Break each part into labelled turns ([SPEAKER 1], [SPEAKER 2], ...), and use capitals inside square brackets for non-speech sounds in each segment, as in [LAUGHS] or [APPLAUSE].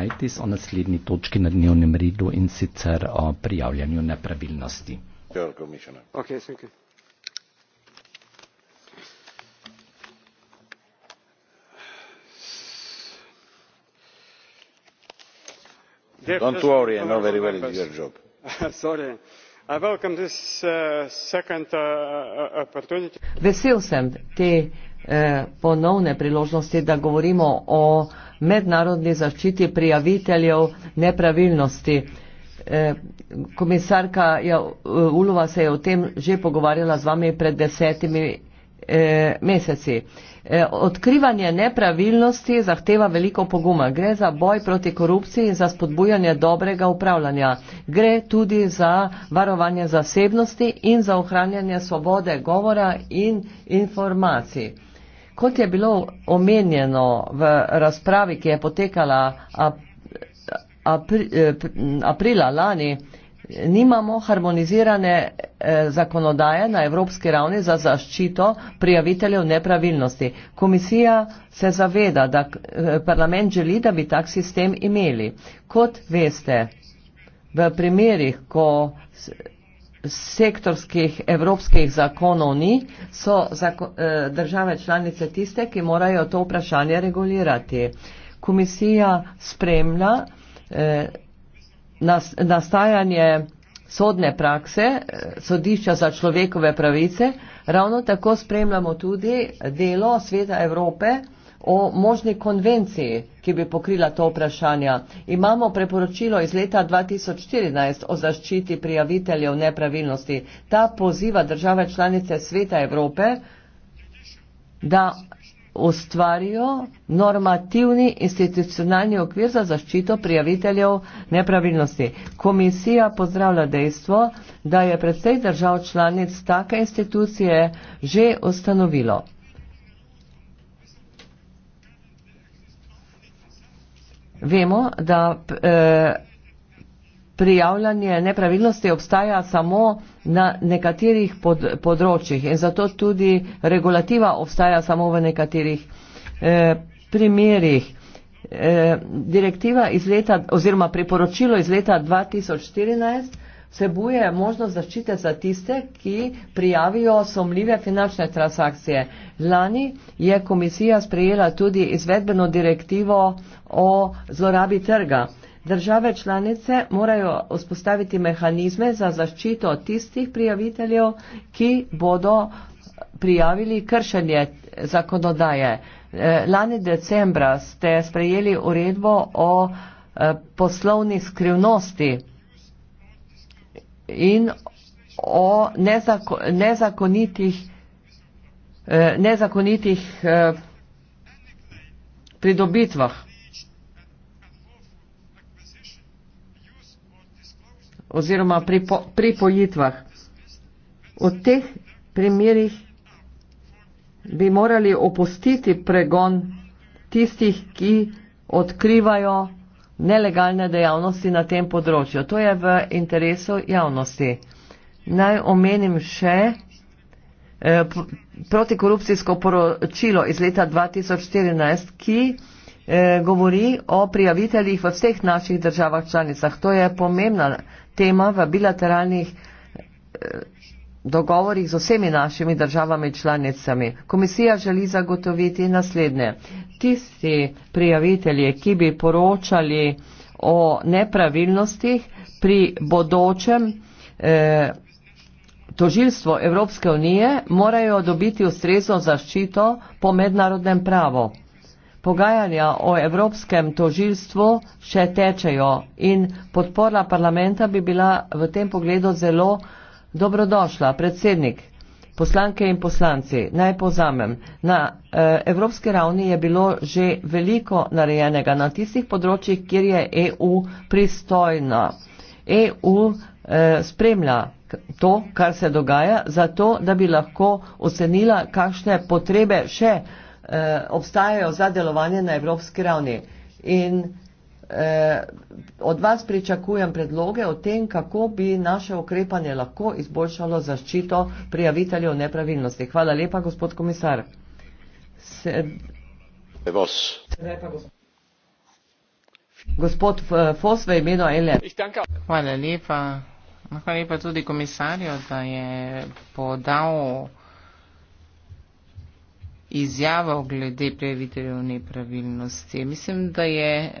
[SPEAKER 1] Hepatitis o naslednji točki na dnevnem redu in sicer o prijavljanju nepravilnosti. Don't worry, I know very well it's your job.
[SPEAKER 2] [LAUGHS] Sorry. I welcome this uh, second uh, uh opportunity. Vesel sem te Eh, ponovne priložnosti, da govorimo o mednarodni zaščiti prijaviteljev nepravilnosti. Eh, komisarka eh, Ulova se je o tem že pogovarjala z vami pred desetimi meseci. Odkrivanje nepravilnosti zahteva veliko poguma. Gre za boj proti korupciji in za spodbujanje dobrega upravljanja. Gre tudi za varovanje zasebnosti in za ohranjanje svobode govora in informacij kot je bilo omenjeno v razpravi, ki je potekala apri, eh, aprila lani, nimamo harmonizirane eh, zakonodaje na evropski ravni za zaščito prijaviteljev nepravilnosti. Komisija se zaveda, da eh, parlament želi, da bi tak sistem imeli. Kot veste, v primerih, ko sektorskih evropskih zakonov ni, so eh, države članice tiste, ki morajo to vprašanje regulirati. Komisija spremlja eh, nastajanje sodne prakse, eh, sodišča za človekove pravice, ravno tako spremljamo tudi delo Sveta Evrope, o možni konvenciji, ki bi pokrila to vprašanje. Imamo preporočilo iz leta 2014 o zaščiti prijaviteljev nepravilnosti. Ta poziva države članice Sveta Evrope, da ustvarijo normativni institucionalni okvir za zaščito prijaviteljev nepravilnosti. Komisija pozdravlja dejstvo, da je predsej držav članic take institucije že ustanovilo. vemo, da eh, prijavljanje nepravilnosti obstaja samo na nekaterih pod, področjih in zato tudi regulativa obstaja samo v nekaterih eh, primerjih. Eh, direktiva iz leta oziroma priporočilo iz leta 2014 vsebuje možnost zaščite za tiste, ki prijavijo somljive finančne transakcije. Lani je komisija sprejela tudi izvedbeno direktivo o zlorabi trga. Države članice morajo vzpostaviti mehanizme za zaščito tistih prijaviteljev, ki bodo prijavili kršenje zakonodaje. Eh, lani decembra ste sprejeli uredbo o eh, poslovnih skrivnostih in o nezako, nezakonitih, eh, nezakonitih eh, pridobitvah. oziroma pripo, pripojitvah. V teh primerih bi morali opustiti pregon tistih, ki odkrivajo nelegalne dejavnosti na tem področju. To je v interesu javnosti. Naj omenim še eh, protikorupcijsko poročilo iz leta 2014, ki eh, govori o prijaviteljih v vseh naših državah članicah. To je pomembna tema v bilateralnih eh, dogovorih z vsemi našimi državami članicami. Komisija želi zagotoviti naslednje. Tisti prijavitelji, ki bi poročali o nepravilnostih pri bodočem eh, tožilstvu Evropske unije, morajo dobiti ustrezno zaščito po mednarodnem pravu. Pogajanja o Evropskem tožilstvu še tečejo in podpora parlamenta bi bila v tem pogledu zelo Dobrodošla, predsednik. Poslanke in poslanci, naj povzamem, na eh, evropski ravni je bilo že veliko narejenega na tistih področjih, kjer je EU pristojna. EU eh, spremlja to, kar se dogaja, zato, da bi lahko ocenila, kakšne potrebe še eh, obstajajo za delovanje na evropski ravni. In eh, od vas pričakujem predloge o tem, kako bi naše ukrepanje lahko izboljšalo zaščito prijaviteljev nepravilnosti. Hvala lepa, gospod komisar. Se...
[SPEAKER 1] Vos.
[SPEAKER 3] Gospod eh, Fos v imenu Ele. Hvala lepa. No, hvala lepa tudi komisarju, da je podal izjavo glede prijaviteljev nepravilnosti. Mislim, da je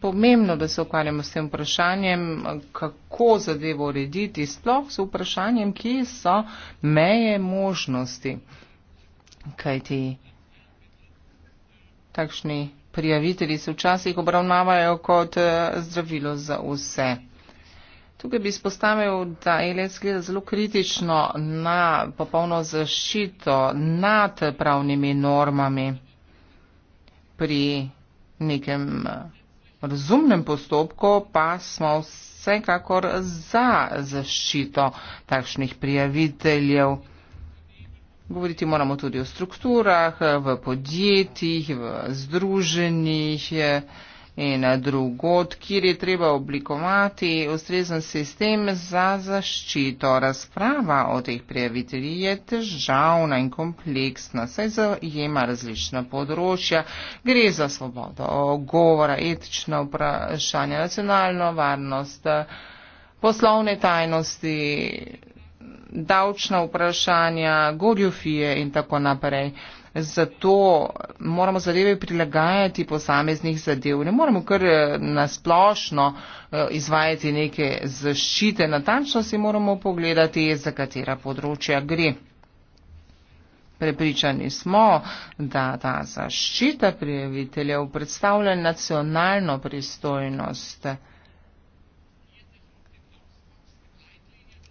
[SPEAKER 3] pomembno, da se ukvarjamo s tem vprašanjem, kako zadevo urediti, sploh s vprašanjem, ki so meje možnosti. Kaj ti takšni prijavitelji se včasih obravnavajo kot eh, zdravilo za vse. Tukaj bi spostavil, da ELS gleda zelo kritično na popolno zaščito nad pravnimi normami pri nekem eh, razumnem postopku, pa smo vsekakor za zaščito takšnih prijaviteljev. Govoriti moramo tudi o strukturah, v podjetjih, v združenjih. Je, in eh, drugod, kjer je treba oblikovati ustrezen sistem za zaščito. Razprava o teh prijaviteljih je težavna in kompleksna, saj zajema različna področja. Gre za svobodo govora, etično vprašanje, nacionalno varnost, poslovne tajnosti, davčna vprašanja, gorjofije in tako naprej zato moramo zadeve prilagajati posameznih zadev. Ne moramo kar eh, nasplošno eh, izvajati neke zaščite, natančno si moramo pogledati, za katera področja gre. Prepričani smo, da ta zaščita prijaviteljev predstavlja nacionalno pristojnost.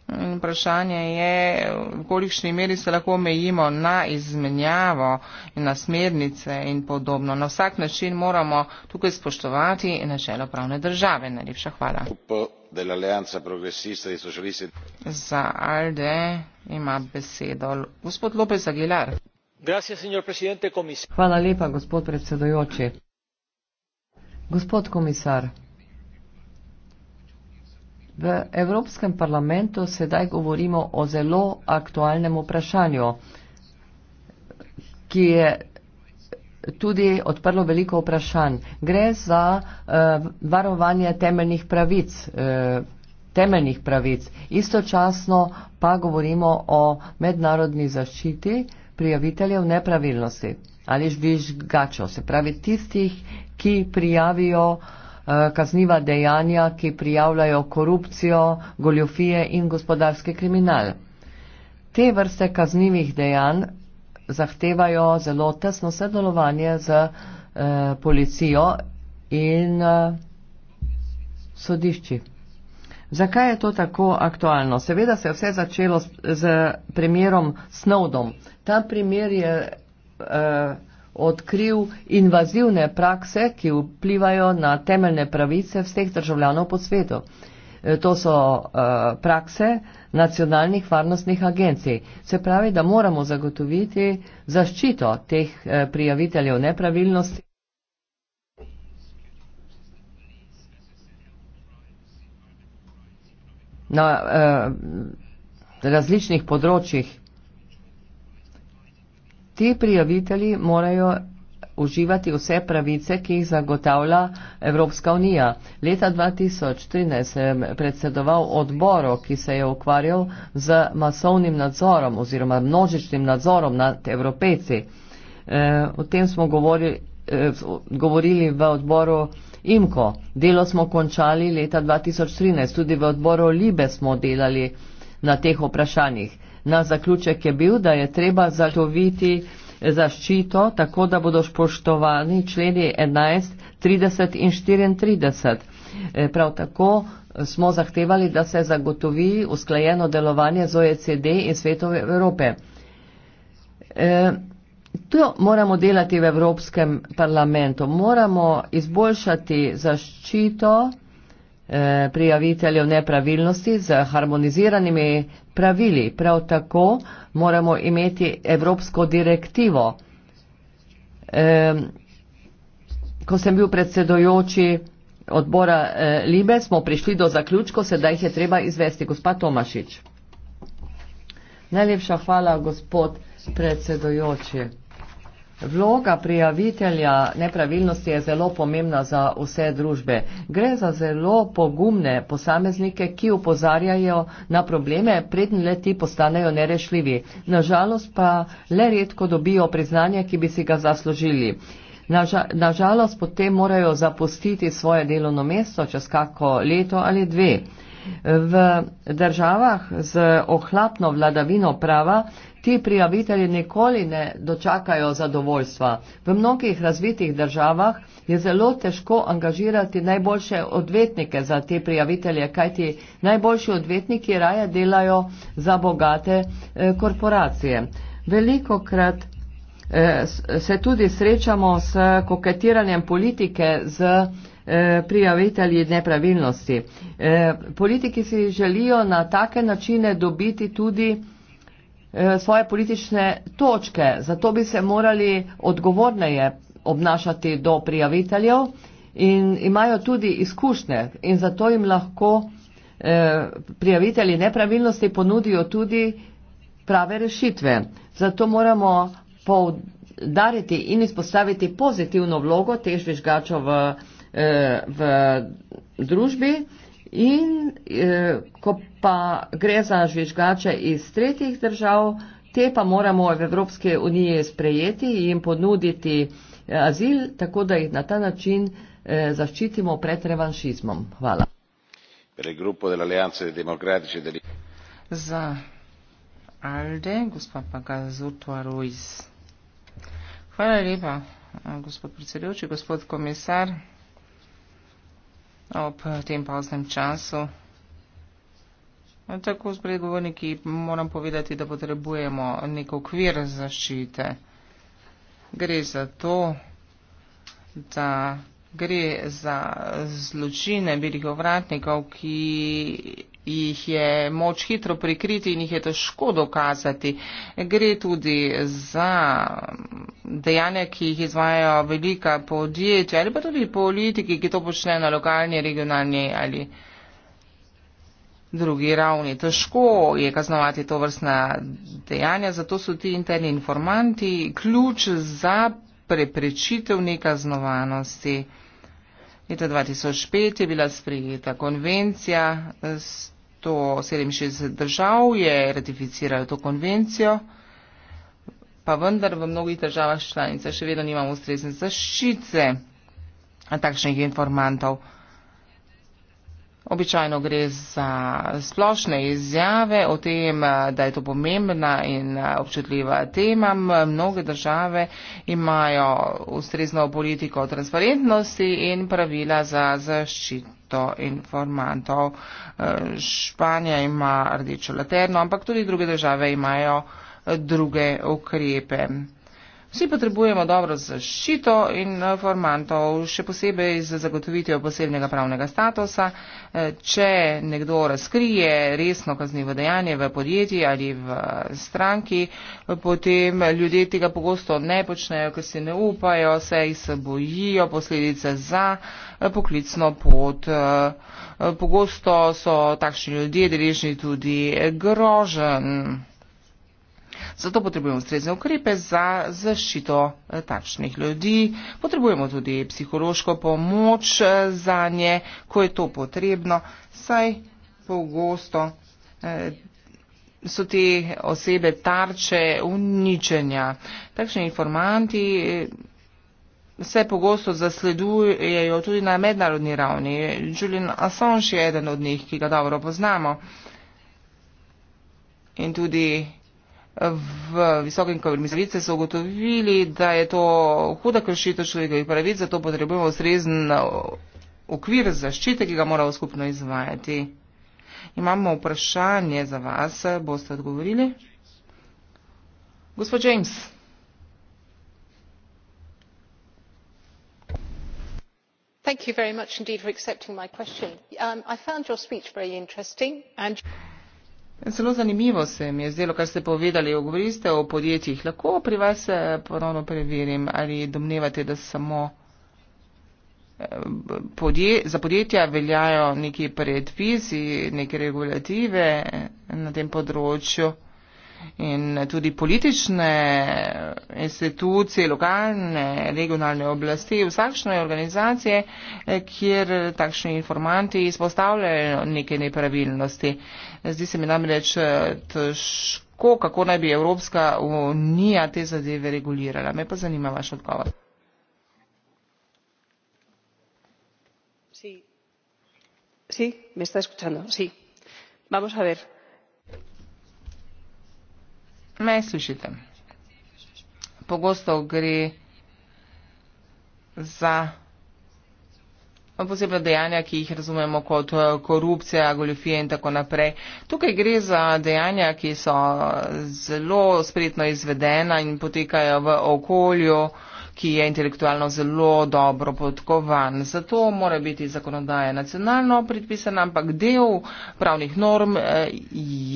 [SPEAKER 3] Vprašanje je, v kolikšni meri se lahko omejimo na izmenjavo, na smernice in podobno. Na vsak način moramo tukaj spoštovati načelo pravne države. Najlepša hvala. Za ALDE ima besedo gospod Lopez Aguilar.
[SPEAKER 2] Hvala lepa, gospod predsedojoči. Gospod komisar, V Evropskem parlamentu sedaj govorimo o zelo aktualnem vprašanju, ki je tudi odprlo veliko vprašanj. Gre za uh, varovanje temeljnih pravic, uh, temeljnih pravic. Istočasno pa govorimo o mednarodni zaščiti prijaviteljev nepravilnosti ali žvižgačev, se pravi tistih, ki prijavijo uh, Eh, kazniva dejanja, ki prijavljajo korupcijo, goljofije in gospodarski kriminal. Te vrste kaznivih dejanj zahtevajo zelo tesno sodelovanje z eh, policijo in eh, sodišči. Zakaj je to tako aktualno? Seveda se je vse začelo s, z primerom Snowdom. Ta primer je. Eh, odkril invazivne prakse, ki vplivajo na temeljne pravice vseh državljanov po svetu. E, to so e, prakse nacionalnih varnostnih agencij. Se pravi, da moramo zagotoviti zaščito teh e, prijaviteljev nepravilnosti. Na eh, različnih področjih ti prijavitelji morajo uživati vse pravice, ki jih zagotavlja Evropska unija. Leta 2013 sem predsedoval odboru, ki se je ukvarjal z masovnim nadzorom oziroma množičnim nadzorom nad evropejci. E, o tem smo govorili, e, eh, govorili v odboru IMKO. Delo smo končali leta 2013, tudi v odboru LIBE smo delali na teh vprašanjih na zaključek je bil, da je treba zagotoviti zaščito, tako da bodo spoštovani členi 11, 30 in 34. E, prav tako smo zahtevali, da se zagotovi usklajeno delovanje z OECD in svetove Evrope. E, to moramo delati v Evropskem parlamentu. Moramo izboljšati zaščito Eh, prijaviteljev nepravilnosti z harmoniziranimi pravili. Prav tako moramo imeti Evropsko direktivo. Ko sem bil predsedojoči odbora eh, Libe, smo prišli do zaključka, sedaj je treba izvesti. Gospa Tomašič. Najlepša hvala, gospod predsedojoči. Vloga prijavitelja nepravilnosti je zelo pomembna za vse družbe. Gre za zelo pogumne posameznike, ki upozarjajo na probleme, predn le ti postanejo nerešljivi. Nažalost pa le redko dobijo priznanje, ki bi si ga zaslužili. Naža, nažalost potem morajo zapustiti svoje delovno mesto čez kako leto ali dve. V državah z ohlapno vladavino prava ti prijavitelji nikoli ne dočakajo zadovoljstva. V mnogih razvitih državah je zelo težko angažirati najboljše odvetnike za te prijavitelje, kajti najboljši odvetniki raje delajo za bogate eh, korporacije. Veliko krat eh, se tudi srečamo s koketiranjem politike z eh, prijavitelji nepravilnosti. Politiki si želijo na take načine dobiti tudi Eh, svoje politične točke, zato bi se morali odgovorneje obnašati do prijaviteljev in imajo tudi izkušnje in zato jim lahko eh, prijavitelji nepravilnosti ponudijo tudi prave rešitve. Zato moramo povdariti in izpostaviti pozitivno vlogo težvižgačov v, eh, v družbi. In eh, ko pa gre za žvižgače iz tretjih držav, te pa moramo v Evropske unije sprejeti in ponuditi eh, azil, tako da jih na ta način eh, zaščitimo pred revanšizmom. Hvala.
[SPEAKER 1] E
[SPEAKER 2] za
[SPEAKER 3] Alde, gospod Pagazutvaru iz. Hvala lepa, eh, gospod predsedujoči, gospod komisar ob tem poznem času. Tako spregovorniki moram povedati, da potrebujemo nek okvir zaščite. Gre za to, da gre za zločine belih ovratnikov, ki jih je moč hitro prikriti in jih je težko dokazati. Gre tudi za dejanja, ki jih izvajajo velika podjetja ali pa tudi politiki, ki to počnejo na lokalni, regionalni ali drugi ravni. Težko je kaznovati to vrstna dejanja, zato so ti interni informanti ključ za preprečitev nekaznovanosti. Leta 2005 je bila sprejeta konvencija. S 167 držav je ratificiralo to konvencijo, pa vendar v mnogih državah članica še vedno nimamo ustrezne zaščitce takšnih informantov. Običajno gre za splošne izjave o tem, da je to pomembna in občutljiva tema. Mnoge države imajo ustrezno politiko transparentnosti in pravila za zaščito informantov. Španija ima rdečo laterno, ampak tudi druge države imajo druge ukrepe. Vsi potrebujemo dobro zaščito in eh, formantov, še posebej za zagotovitev posebnega pravnega statusa. Eh, če nekdo razkrije resno kaznivo dejanje v podjetji ali v stranki, eh, potem ljudje tega pogosto ne počnejo, ker se ne upajo, se jih se bojijo posledice za poklicno pot. Pogosto so takšni ljudje deležni tudi grožen. Zato potrebujemo ustrezne ukrepe za zaščito eh, takšnih ljudi, potrebujemo tudi psihološko pomoč eh, za nje, ko je to potrebno, saj pogosto eh, so te osebe tarče uničenja. Takšni informanti se pogosto zasledujejo tudi na mednarodni ravni. Julian Assange je eden od njih, ki ga dobro poznamo. In tudi v visokem kamerizavice so ugotovili, da je to huda kršitev človekovih pravic, zato potrebujemo ustrezen uh, okvir zaščite, ki ga moramo skupno izvajati. Imamo vprašanje za vas, boste odgovorili? Gospod James. Thank you very much indeed for accepting my question. Um, I found your speech very interesting. And... Zelo zanimivo se mi je zdelo, kar ste povedali. Govorili ste o podjetjih. Lahko pri vas eh, ponovno preverim, ali domnevate, da samo eh, podje, za podjetja veljajo neki predpisi, neke regulative eh, na tem področju in tudi politične institucije, lokalne, regionalne oblasti, vsakšne organizacije, eh, kjer takšni informanti izpostavljajo neke nepravilnosti. Zdi se mi namreč eh, težko, kako naj bi Evropska unija te zadeve regulirala. Me pa zanima vaš
[SPEAKER 2] odgovor. Sí, me está escuchando. Sí. Vamos a ver
[SPEAKER 3] me slišite. Pogosto gre za posebna dejanja, ki jih razumemo kot eh, korupcija, goljofije in tako naprej. Tukaj gre za dejanja, ki so zelo spretno izvedena in potekajo v okolju, uh, ki je intelektualno zelo dobro podkovan. Zato mora biti zakonodaja nacionalno predpisana, ampak del pravnih norm eh,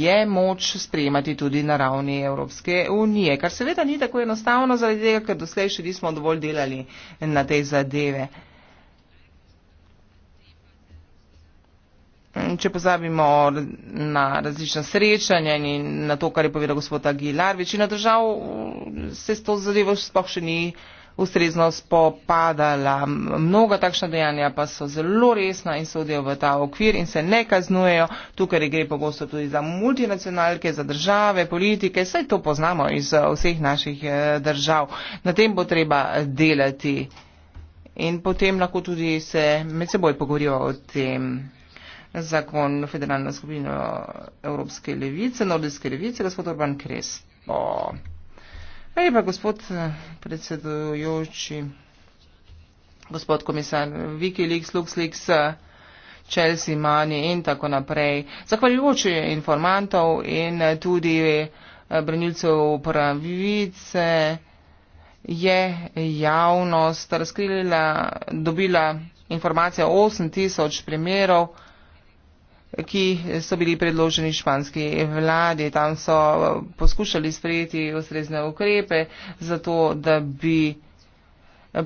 [SPEAKER 3] je moč sprejemati tudi na ravni Evropske unije, kar seveda ni tako enostavno, zaradi tega, ker doslej še nismo dovolj delali na tej zadeve. Če pozabimo na različna srečanja in na to, kar je povedal gospod Aguilar, večina držav se s to zadevo sploh še ni ustrezno spopadala. Mnoga takšna dejanja pa so zelo resna in sodijo v ta okvir in se ne kaznujejo. Tukaj gre pogosto tudi za multinacionalke, za države, politike, vse to poznamo iz eh, vseh naših eh, držav. Na tem bo treba eh, delati in potem lahko tudi se med seboj pogovorijo o tem. Zakon Federalna skupina Evropske levice, Nordijske levice, gospod Orban Krespo. Oh. Ali pa gospod eh, predsedujoči, gospod komisar Wikileaks, LuxLeaks, eh, Chelsea Money in tako naprej. Zahvaljujoč informantov in tudi eh, branilcev pravice je javnost razkrila, dobila informacije o 8000 primerov, ki so bili predloženi španski vladi. Tam so poskušali sprejeti ustrezne ukrepe za to, da bi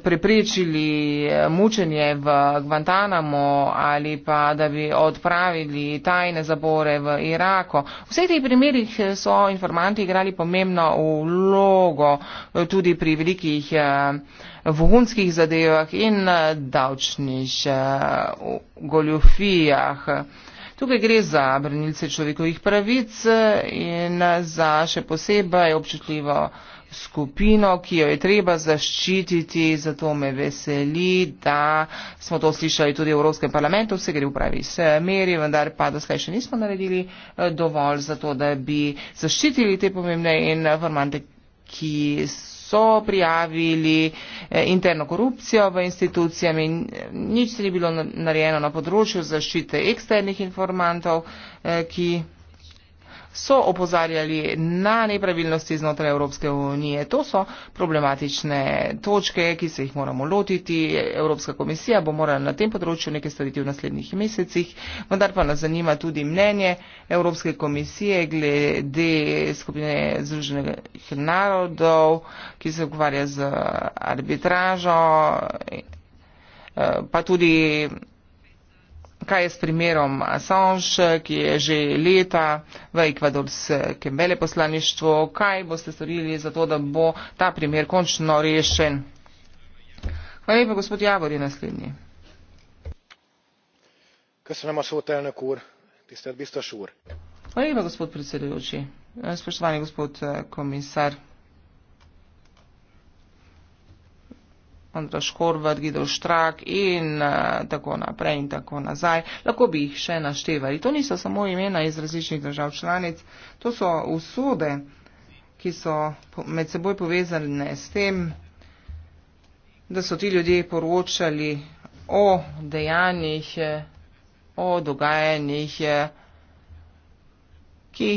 [SPEAKER 3] preprečili mučenje v Guantanamo ali pa da bi odpravili tajne zabore v Iraku. V vseh teh primerih so informanti igrali pomembno vlogo tudi pri velikih eh, vohunskih zadevah in eh, davčnih eh, goljofijah. Tukaj gre za branilce človekovih pravic eh, in eh, za še posebej občutljivo skupino, ki jo je treba zaščititi. Zato me veseli, da smo to slišali tudi v Evropskem parlamentu. Vse gre v pravi smeri, vendar pa doslej še nismo naredili eh, dovolj za to, da bi zaščitili te pomembne informante, ki so so prijavili eh, interno korupcijo v institucijami, eh, nič se ni bilo narejeno na področju zaščite eksternih informantov, eh, ki so opozarjali na nepravilnosti znotraj Evropske unije. To so problematične točke, ki se jih moramo lotiti. Evropska komisija bo morala na tem področju nekaj staviti v naslednjih mesecih, vendar pa nas zanima tudi mnenje Evropske komisije glede skupine Združenih narodov, ki se ukvarja z arbitražo, eh, pa tudi kaj je s primerom Assange, ki je že leta v ekvadorskem veleposlaništvu, kaj boste storili za to, da bo ta primer končno rešen. Hvala lepa, gospod Javor je naslednji.
[SPEAKER 1] Köszönöm a szót, elnök úr, tisztelt biztos úr.
[SPEAKER 3] Hvala lepa, gospod predsedujoči, spoštovani gospod eh, komisar. Andraš Horvat, Gidel Štrak in uh, tako naprej in tako nazaj. Lahko bi jih še naštevali. To niso samo imena iz različnih držav članic, to so usode, ki so med seboj povezane s tem, da so ti ljudje poročali o dejanjih, eh, o dogajanjih, eh, ki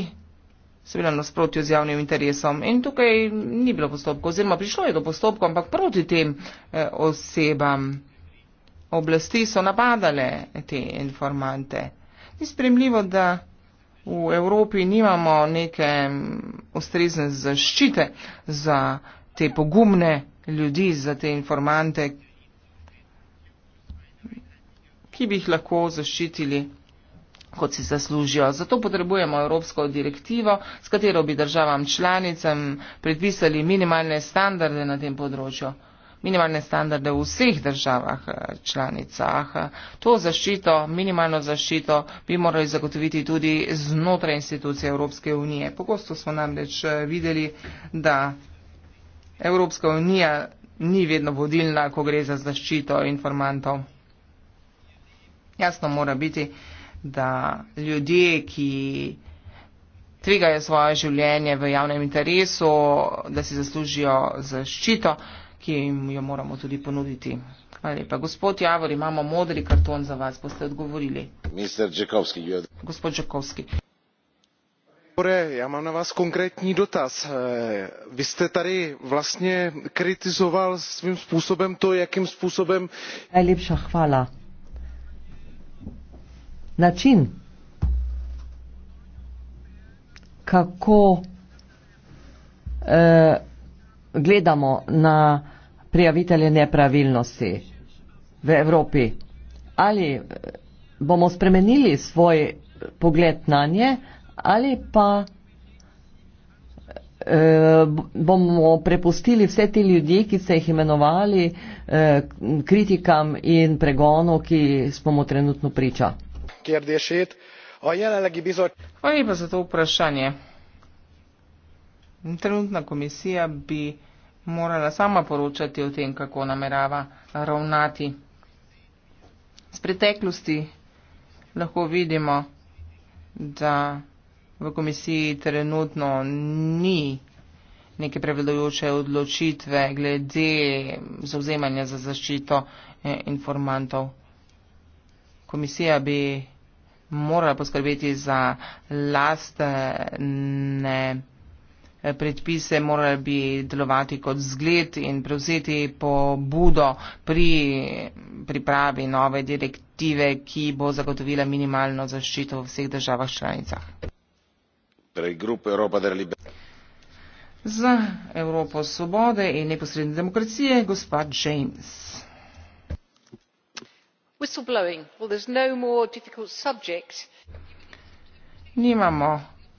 [SPEAKER 3] so bile nasprotju z javnim interesom. In tukaj ni bilo postopkov, oziroma prišlo je do postopkov, ampak proti tem eh, osebam oblasti so napadale te informante. Ni spremljivo, da v Evropi nimamo neke mm, ustrezne zaščite za te pogumne ljudi, za te informante, ki bi jih lahko zaščitili kot si zaslužijo. Zato potrebujemo evropsko direktivo, s katero bi državam članicam predpisali minimalne standarde na tem področju. Minimalne standarde v vseh državah eh, članicah. To zaščito, minimalno zaščito bi morali zagotoviti tudi znotraj institucije Evropske unije. Pogosto smo namreč eh, videli, da Evropska unija ni vedno vodilna, ko gre za zaščito informantov. Jasno mora biti, da ljudje, ki tvegajo svoje življenje v javnem interesu, da si zaslužijo zaščito, ki jim jo moramo tudi ponuditi. Hvala lepa. Gospod Javor, imamo modri karton za vas. Boste
[SPEAKER 1] odgovorili. Džekovski, Gospod Žakovski. Já mám na vás konkrétní dotaz. Eh, vy jste tady vlastně kritizoval svým způsobem to, jakým způsobem.
[SPEAKER 2] Nejlepší chvála način, kako eh, gledamo na prijavitelje nepravilnosti v Evropi. Ali eh, bomo spremenili svoj pogled na nje, ali pa eh, bomo prepustili vse te ljudi, ki ste jih imenovali, eh, kritikam in pregonu, ki smo mu trenutno priča
[SPEAKER 3] kérdését a jelenlegi bizottság. Olyan a vprašanje. Trenutna komisija bi morala sama poročati o tem, kako namerava ravnati. Z preteklosti lahko vidimo, da v komisiji trenutno ni neke prevladojoče odločitve glede zauzemanja za zaščito eh, informantov. Komisija bi morala poskrbeti za lastne eh, predpise, morala bi delovati kot zgled in prevzeti pobudo pri pripravi nove direktive, ki bo zagotovila minimalno zaščito v vseh državah članicah. Za Evropo svobode in neposredne demokracije, gospod James. No nimamo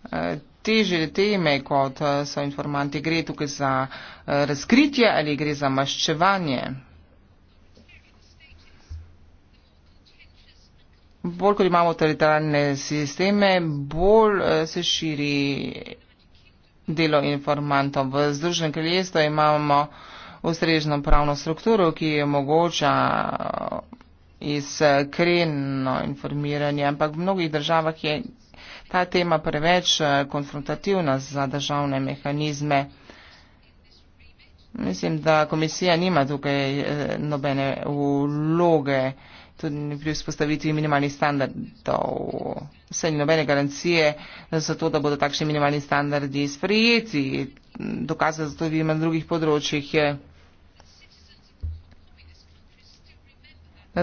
[SPEAKER 3] eh, težje teme kot eh, so informanti. Gre tukaj za eh, razkritje ali gre za maščevanje. Bolj, ko imamo teritorijalne sisteme, bolj se širi delo informantov. V Združenem kraljestvu imamo ustrežno pravno strukturo, ki omogoča iskreno informiranje, ampak v mnogih državah je ta tema preveč eh, konfrontativna za državne mehanizme. Mislim, da komisija nima tukaj eh, nobene vloge tudi pri vzpostavitvi minimalnih standardov. Vse ni nobene garancije za to, da bodo takšni minimalni standardi sprejeti. Dokaz za to vidimo na drugih področjih. Je.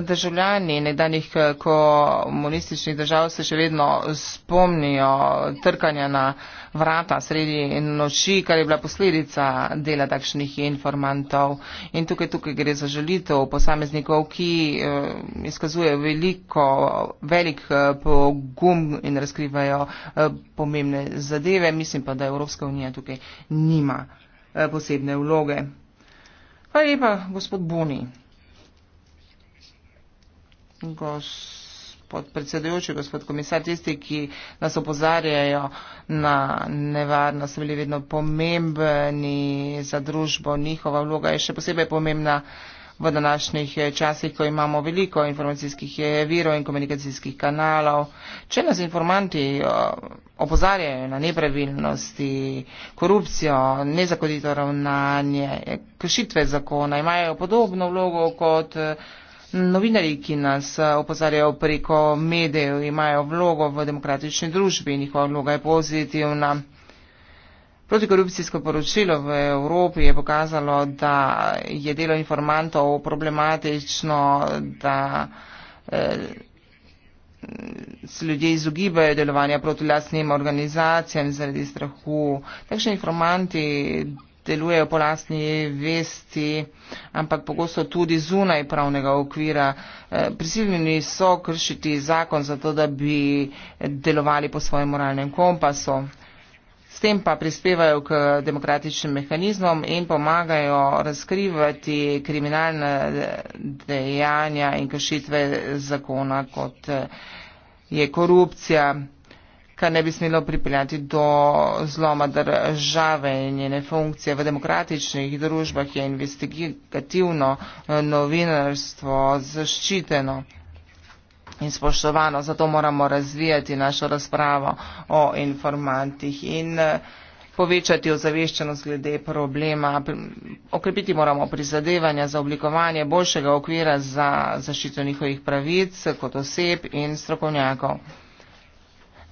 [SPEAKER 3] Državljani nekdanjih eh, komunističnih držav se še vedno spomnijo trkanja na vrata sredi noči, kar je bila posledica dela takšnih informantov. In tukaj, tukaj gre za želitev posameznikov, ki eh, izkazujejo veliko, velik eh, pogum in razkrivajo pomembne zadeve. Mislim pa, da Evropska unija tukaj nima posebne vloge. Hvala lepa, gospod Boni gospod predsedujoči, gospod komisar, tisti, ki nas opozarjajo na nevarnost, bili vedno pomembni za družbo, njihova vloga je še posebej pomembna v današnjih časih, ko imamo veliko informacijskih virov in komunikacijskih kanalov. Če nas informanti eh, opozarjajo na nepravilnosti, korupcijo, nezakonito ravnanje, kršitve zakona, imajo podobno vlogo kot eh, Novinari, ki nas eh, opozarjajo preko medijev, imajo vlogo v demokratični družbi in njihova vloga je pozitivna. Protikorupcijsko poročilo v Evropi je pokazalo, da je delo informantov problematično, da eh, se ljudje izogibajo delovanja proti lastnim organizacijam zaradi strahu. Takšni informanti delujejo po lastni vesti, ampak pogosto tudi zunaj pravnega okvira. Eh, Prisiljeni so kršiti zakon zato, da bi delovali po svojem moralnem kompasu. S tem pa prispevajo k demokratičnim mehanizmom in pomagajo razkrivati kriminalne dejanja in kršitve zakona, kot eh, je korupcija kar ne bi smelo pripeljati do zloma države in njene funkcije. V demokratičnih družbah je investigativno eh, novinarstvo zaščiteno. In spoštovano, zato moramo razvijati našo razpravo o informantih in eh, povečati ozaveščenost glede problema. Okrepiti moramo prizadevanja za oblikovanje boljšega okvira za zaščito njihovih pravic kot oseb in strokovnjakov.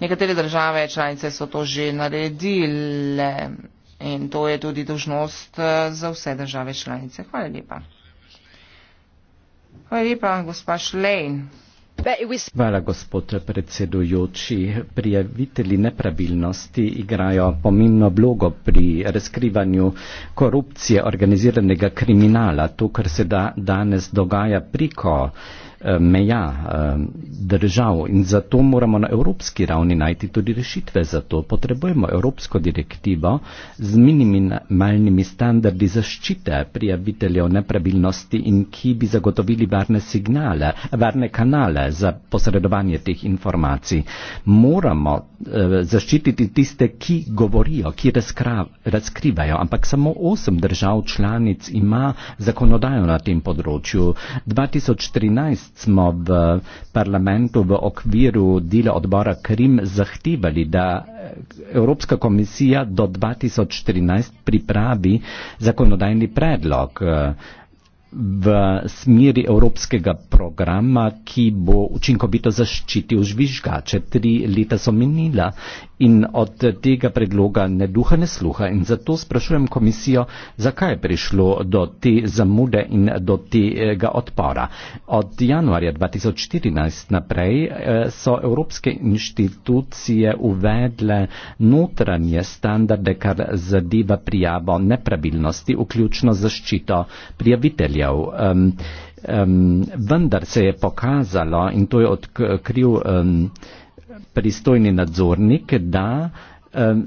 [SPEAKER 3] Nekatere države članice so to že naredile in to je tudi dožnost eh, za vse države članice. Hvala lepa. Hvala lepa, gospa Šlejn.
[SPEAKER 1] Hvala, gospod predsedujoči. Prijavitelji nepravilnosti igrajo pomembno vlogo pri razkrivanju korupcije organiziranega kriminala. To, kar se da, danes dogaja priko Eh, meja eh, držav in zato moramo na evropski ravni najti tudi rešitve za to. Potrebujemo evropsko direktivo z minimalnimi standardi zaščite prijaviteljev nepravilnosti in ki bi zagotovili varne signale, varne kanale za posredovanje teh informacij. Moramo eh, zaščititi tiste, ki govorijo, ki razkrivajo, ampak samo osem držav članic ima zakonodajo na tem področju. 2013 smo v parlamentu v okviru dela odbora Krim zahtevali, da eh, Evropska komisija do 2013 pripravi zakonodajni predlog eh, v smeri evropskega programa, ki bo učinkovito zaščitil žvižgače. Tri leta so minila in od tega predloga ne duha ne sluha. In zato sprašujem komisijo, zakaj je prišlo do te zamude in do tega odpora. Od januarja 2014 naprej eh, so evropske inštitucije uvedle notranje standarde, kar zadeva prijavo nepravilnosti, vključno zaščito prijaviteljev. Um, vendar se je pokazalo in to je odkril um, pristojni nadzornik, da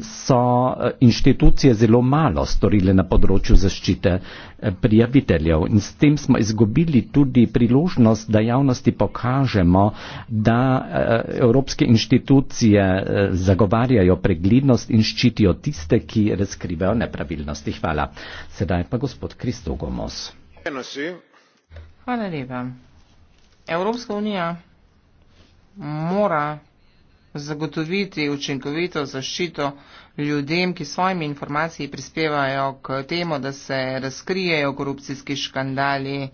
[SPEAKER 1] so eh, inštitucije zelo malo storile na področju zaščite eh, prijaviteljev in s tem smo izgubili tudi priložnost, da javnosti pokažemo, da eh, evropske inštitucije zagovarjajo preglednost in ščitijo tiste, ki razkrivajo nepravilnosti. Hvala. Sedaj pa gospod Kristo Gomos.
[SPEAKER 3] Hvala lepa. Evropska unija mora zagotoviti učinkovito zaščito ljudem, ki svojimi informacijami prispevajo k temu, da se razkrijejo korupcijski škandali.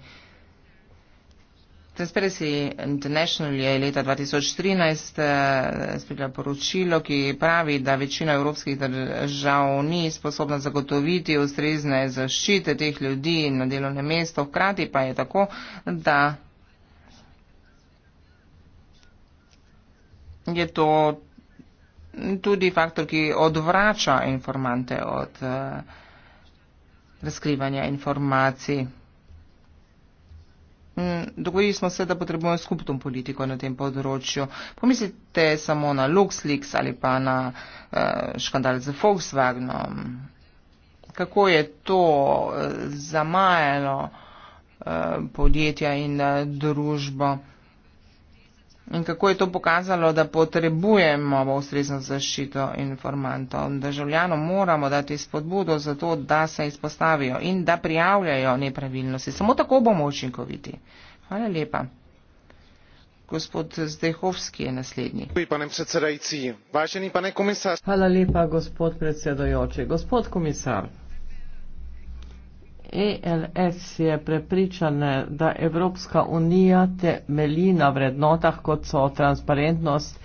[SPEAKER 3] Transparency International je leta 2013 eh, sprejela poročilo, ki pravi, da večina evropskih držav ni sposobna zagotoviti ustrezne zaščite teh ljudi na delovnem mestu, hkrati pa je tako, da je to tudi faktor, ki odvrača informante od eh, razkrivanja informacij. Mm, dogovorili smo se, da potrebujemo skupno politiko na tem področju. Pomislite samo na LuxLeaks ali pa na uh, škandal z Volkswagenom. Kako je to eh, zamajalo uh, podjetja in uh, družbo? In kako je to pokazalo, da potrebujemo ustrezno zaščito informantov. Državljanom moramo dati spodbudo za to, da se izpostavijo in da prijavljajo nepravilnosti. Samo tako bomo učinkoviti. Hvala lepa. Gospod Zdehovski
[SPEAKER 2] je naslednji. Hvala lepa, gospod predsedojoči. Gospod komisar. ELS je prepričane, da Evropska unija temelji na vrednotah, kot so transparentnost,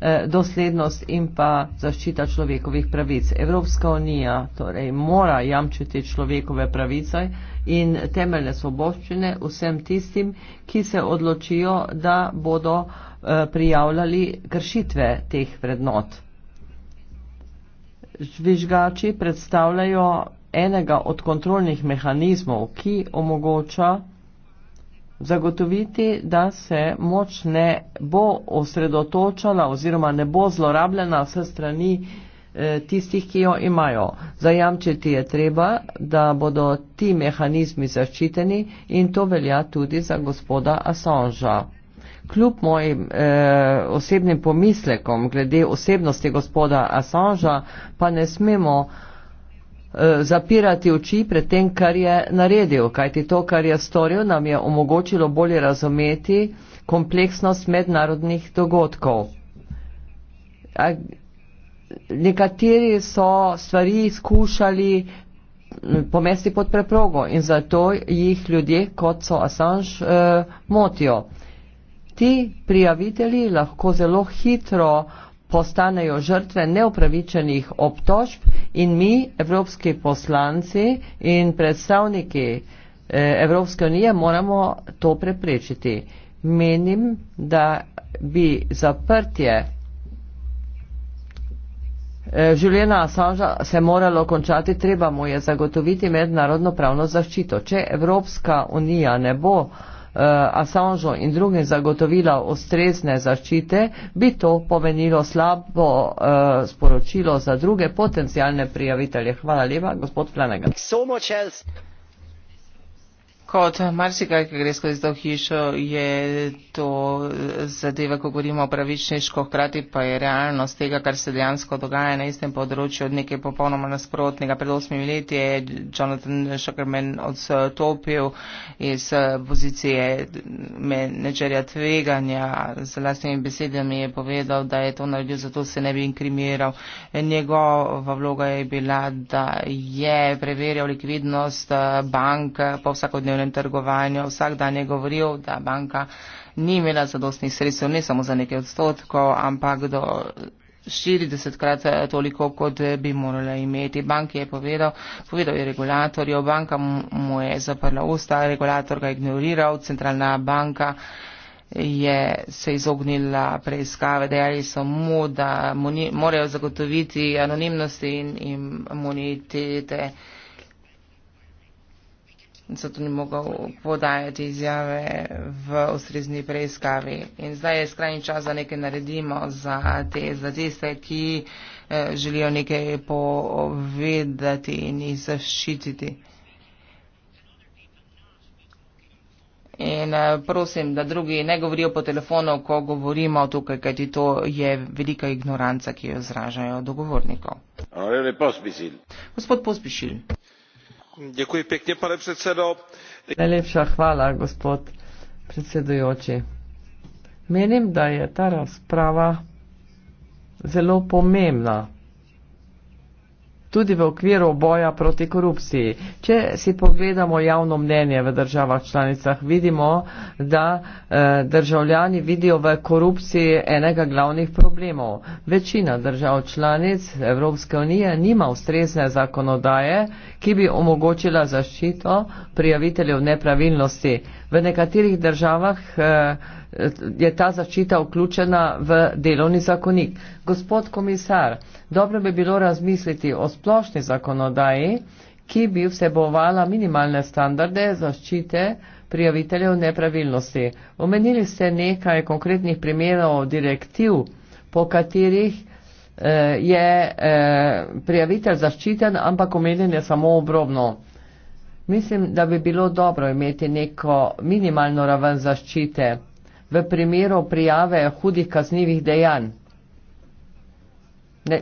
[SPEAKER 2] eh, doslednost in pa zaščita človekovih pravic. Evropska unija torej mora jamčiti človekove pravice in temeljne svoboščine vsem tistim, ki se odločijo, da bodo eh, prijavljali kršitve teh vrednot. Žvižgači predstavljajo enega od kontrolnih mehanizmov, ki omogoča zagotoviti, da se moč ne bo osredotočala oziroma ne bo zlorabljena vse strani eh, tistih, ki jo imajo. Zajamčiti je treba, da bodo ti mehanizmi zaščiteni in to velja tudi za gospoda Assangea. Kljub mojim e, osebnim pomislekom glede osebnosti gospoda Assangea pa ne smemo Eh, zapirati oči pred tem, kar je naredil, kajti to, kar je storil, nam je omogočilo bolje razumeti kompleksnost mednarodnih dogodkov. Nekateri so stvari izkušali pomesti pod preprogo in zato jih ljudje, kot so Assange, eh, motijo. Ti prijavitelji lahko zelo hitro eh, postanejo žrtve neopravičenih obtožb in mi, evropski poslanci in predstavniki eh, Evropske unije, moramo to preprečiti. Menim, da bi zaprtje eh, življenja Assangea se moralo končati, treba mu je zagotoviti mednarodno pravno zaščito. Če Evropska unija ne bo uh, eh, Assangeu in drugim zagotovila ustrezne zaščite, bi to pomenilo slabo uh, sporočilo za druge potencijalne prijavitelje. Hvala lepa, gospod Flanagan
[SPEAKER 3] kot marsikaj, ki gre skozi to hišo, je to zadeva, ko govorimo o pravičniško, hkrati pa je realnost tega, kar se dejansko dogaja na istem področju od nekaj popolnoma nasprotnega. Pred osmimi leti je Jonathan Shuckerman odstopil iz pozicije menedžerja tveganja. Z lastnimi besedami je povedal, da je to naredil, zato se ne bi inkrimiral. Njegova vloga je bila, da je preverjal likvidnost bank po vsakodnevnem svojem trgovanju. Vsak dan je govoril, da banka ni imela zadostnih sredstev, ne samo za nekaj odstotkov, ampak do. 40 krat toliko, kot bi morala imeti. Bank je povedal, povedal je regulatorjo, banka mu je zaprla usta, regulator ga je ignoriral, centralna banka je se izognila preiskave, dejali so mu, da morajo zagotoviti anonimnost in imunitete zato ni mogel podajati izjave v ustrezni preiskavi. In zdaj je skrajni čas, da nekaj naredimo za te, za tiste, ki eh, želijo nekaj povedati in jih zaščititi. In eh, prosim, da drugi ne govorijo po telefonu, ko govorimo tukaj, kajti to je velika ignoranca, ki jo izražajo dogovornikov.
[SPEAKER 2] Gospod Pospišil
[SPEAKER 1] pane předsedající.
[SPEAKER 2] Nejlepší chvála, gospod předsedující. Měním, da je ta rozprava zelo pomembná tudi v okviru boja proti korupciji. Če si pogledamo javno mnenje v državah članicah, vidimo, da eh, državljani vidijo v korupciji enega glavnih problemov. Večina držav članic Evropske unije nima ustrezne zakonodaje, ki bi omogočila zaščito prijaviteljev nepravilnosti v nekaterih državah eh, je ta zaščita vključena v delovni zakonik. Gospod komisar, dobro bi bilo razmisliti o splošni zakonodaji, ki bi vsebovala minimalne standarde zaščite prijaviteljev nepravilnosti. Omenili ste nekaj konkretnih primerov direktiv, po katerih eh, je eh, prijavitelj zaščiten, ampak omenjen je samo obrobno. Mislim, da bi bilo dobro imeti neko minimalno raven zaščite v primeru prijave hudih kaznjivih dejanj. Ne,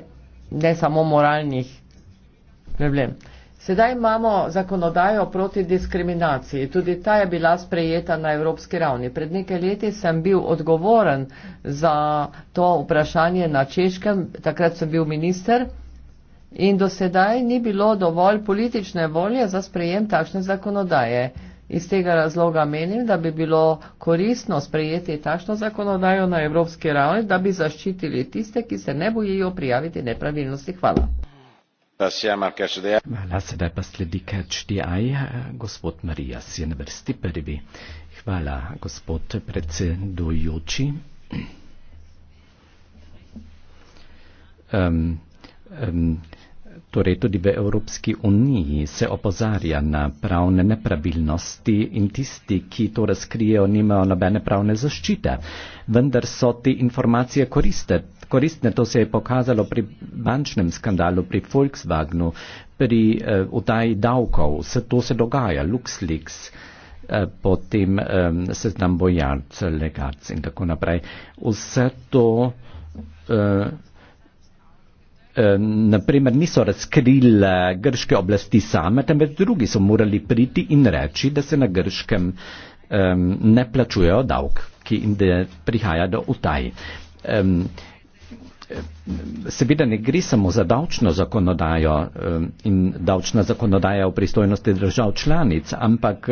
[SPEAKER 2] ne samo moralnih problem. Sedaj imamo zakonodajo proti diskriminaciji. Tudi ta je bila sprejeta na evropski ravni. Pred nekaj leti sem bil odgovoren za to vprašanje na češkem, takrat sem bil minister in do sedaj ni bilo dovolj politične volje za sprejem takšne zakonodaje. Iz tega razloga menim, da bi bilo koristno sprejeti takšno zakonodajo na evropski ravni, da bi zaščitili tiste, ki se ne bojijo prijaviti nepravilnosti. Hvala.
[SPEAKER 1] Hvala, sedaj pa sledi Catch.di, gospod Marija Sienvrsti prvi. Hvala, gospod predsedujoči. Um, [CLEARS THROAT] um, Torej tudi v Evropski uniji se opozarja na pravne nepravilnosti in tisti, ki to razkrijejo, nimajo nobene pravne zaščite. Vendar so te informacije koriste. koristne. To se je pokazalo pri bančnem skandalu, pri Volkswagenu, pri eh, utaji davkov. Vse to se dogaja. LuxLeaks, eh, potem eh, seznam bojarc, legac in tako naprej. Vse to. Eh, Eh, naprimer niso razkrili grške oblasti same, temveč drugi so morali priti in reči, da se na grškem ne plačujejo davk, ki jim prihaja do utaji. Seveda ne gre samo za davčno zakonodajo in davčna zakonodaja v pristojnosti držav članic, ampak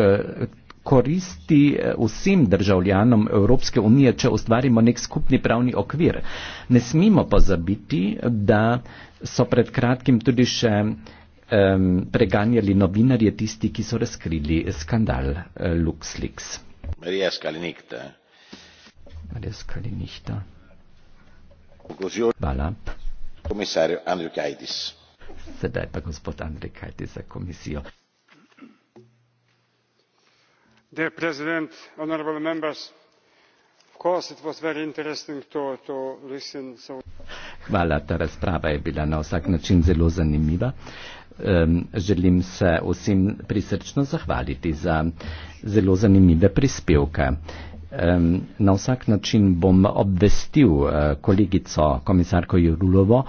[SPEAKER 1] koristi eh, vsem državljanom Evropske unije, če ustvarimo nek skupni pravni okvir. Ne smemo pozabiti, da so pred kratkim tudi še um, preganjali novinarje tisti, ki so razkrili skandal uh, LuxLeaks. Marija Skalinikta. Marija Skalinikta. Hvala. Komisar Andrej Kajdis. Sedaj pa gospod Andrej Kajdis za komisijo
[SPEAKER 3] dear president honourable members of course it was very interesting to
[SPEAKER 1] to listen so Hvala, ta razprava je bila na vsak način zelo zanimiva. Um, želim se vsem prisrčno zahvaliti za zelo zanimive prispevke. Um, na vsak način bom obvestil uh, kolegico komisarko Jurulovo,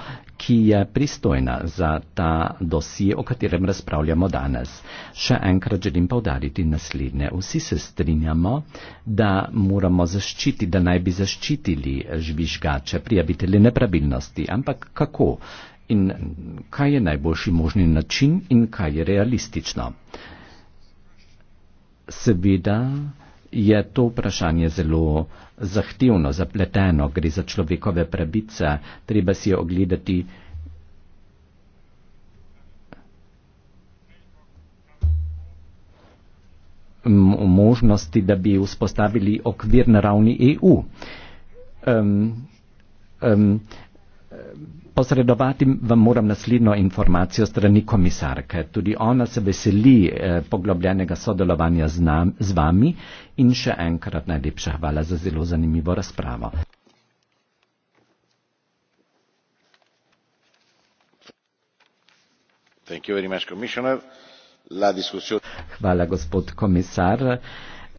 [SPEAKER 1] ki je pristojna za ta dosije, o katerem razpravljamo danes. Še enkrat želim povdariti naslednje. Vsi se strinjamo, da moramo zaščiti, da naj bi zaščitili žvižgače, prijavitelje nepravilnosti, ampak kako? In kaj je najboljši možni način in kaj je realistično? Seveda je to vprašanje zelo zahtevno, zapleteno, gre za človekove pravice, treba si ogledati. možnosti, da bi vzpostavili okvir na ravni EU. Um, um, posredovati vam moram naslednjo informacijo strani komisarke. Tudi ona se veseli eh, poglobljenega sodelovanja z, nam, z vami in še enkrat najlepša hvala za zelo zanimivo razpravo. Hvala, gospod komisar.